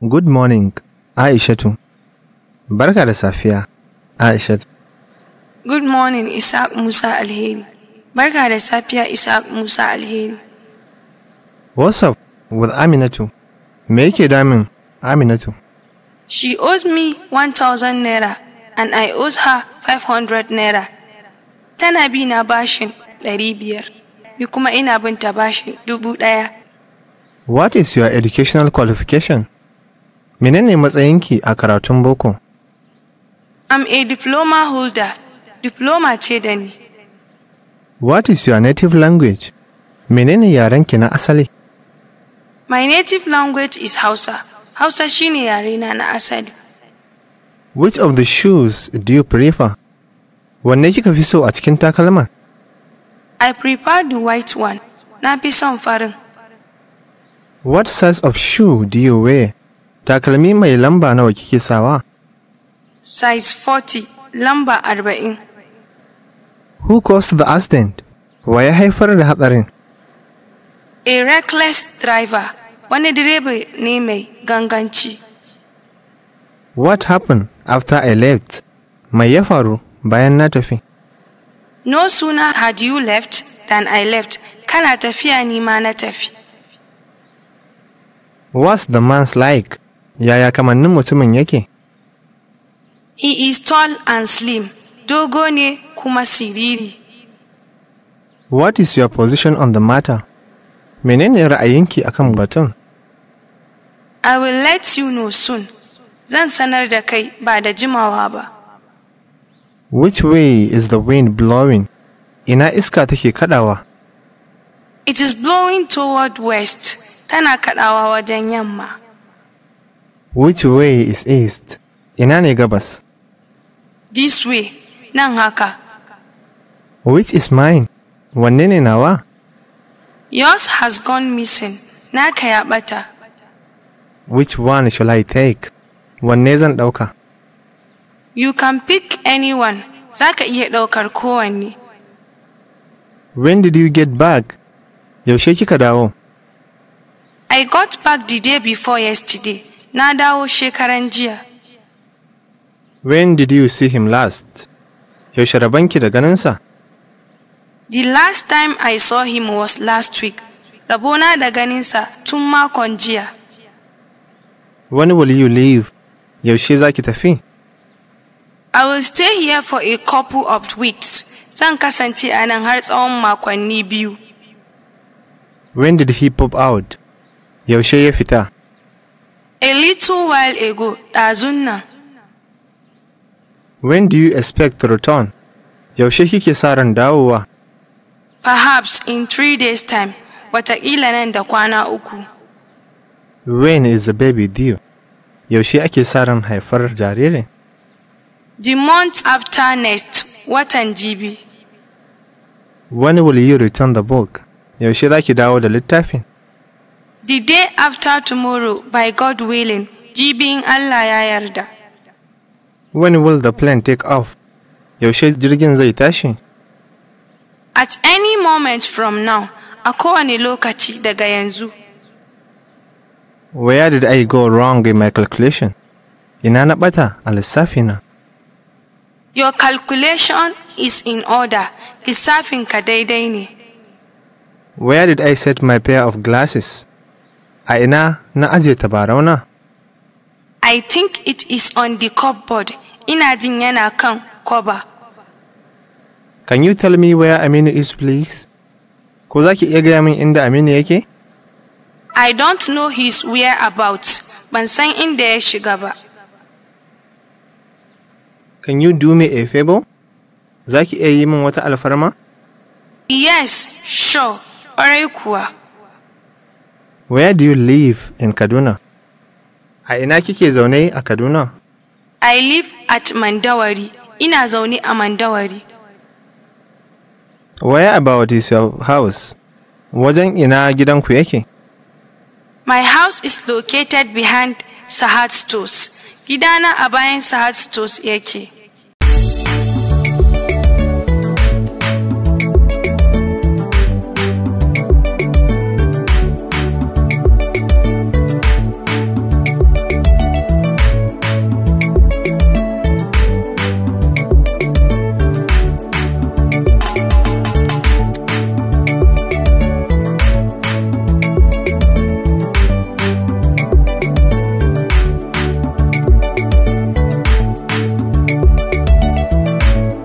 Good morning, Aishatu. Barka da safiya, Aishatu. Good morning, Isaac Musa Alheri. Barka da safiya, Isaac Musa Alheri. What's up with Aminatu? Me yake damin Aminatu? She owes me 1,000 naira and I owes her 500 naira. Tana bi na bashin 500, ni kuma ina binta bashin dubu ɗaya. What is your educational qualification? Menene matsayinki a karatun boko? I'm a diploma holder. Diploma ce da ni. What is your native language? Menene yarenki na asali? My native language is Hausa. Hausa shine yarena na asali. Which of the shoes do you prefer? Wanne kika fi so a cikin takalman? I prefer the white one. Na fi son farin. What size of shoe do you wear? takalmi mai lamba nawa kike sawa? Size 40, lamba 40. Who caused the accident? Wa ya haifar da hatsarin? A reckless driver, wani direba ne mai ganganci. What happened after I left? Mai ya faru bayan na tafi? No sooner had you left than I left, kana tafiya ni ma na tafi. What's the man's like? Yaya kamannin mutumin yake? He is tall and slim, dogo ne kuma siriri. What is your position on the matter? Menene ra'ayinki akan batun? I will let you know soon. Zan sanar da kai ba da jimawa ba. Which way is the wind blowing? Ina iska take kadawa? It is blowing toward west, tana kadawa wajen yamma. Which way is east? Ina ne gabas? This way, nan haka. Which is mine? Wanne ne nawa? Yours has gone missing. Naka ya bata. Which one shall I take? Wanne zan ɗauka? You can pick anyone. Za ka iya ɗaukar kowanne. When did you get back? Yaushe kika dawo? I got back the day before yesterday. Na dawo shekaran jiya. When did you see him last? Yaushe rabanki da ganinsa? The last time I saw him was last week. Rabona da ganinsa tun makon jiya. When will you leave? Yaushe za ki tafi? I will stay here for a couple of weeks. Zan kasance a nan har tsawon makonni biyu. When did he pop out? Yaushe ya fita? A little while ago, ɗazunna. When do you expect to return? Yaushe kike sa ran dawowa? Perhaps in three days time, wataƙila nan da kwana uku. When is the baby due? Yaushe ake sa ran haifar jaririn? The month after next, watan jibi. When will you return the book? Yaushe za ki dawo da littafin? the day after tomorrow, by God willing, jibin Allah ya yarda. When will the plane take off? Yaushe jirgin zai tashi? At any moment from now, a kowane lokaci daga yanzu. Where did I go wrong in my calculation? Ina na ɓata a na. Your calculation is in order, lissafinka daidai ne. Where did I set my pair of glasses? a ina na ajiye tabarauna na? I think it is on the cupboard. Ina jin yana kan koba. Can you tell me where Aminu is please? Ko za ki iya gaya min inda Aminu yake? I don't know his whereabouts. Ban san inda ya shiga ba. Can you do me a favor? Za ki iya yi min wata alfarma? Yes, sure, ƙwarai kuwa. Where do you live in Kaduna? A ina kike zaune a Kaduna? I live at Mandawari. Ina zaune a Mandawari. Where about is your house? Wajen ina gidanku yake? My house is located behind Sahad Stores. Gidana a bayan Sahad Stores yake.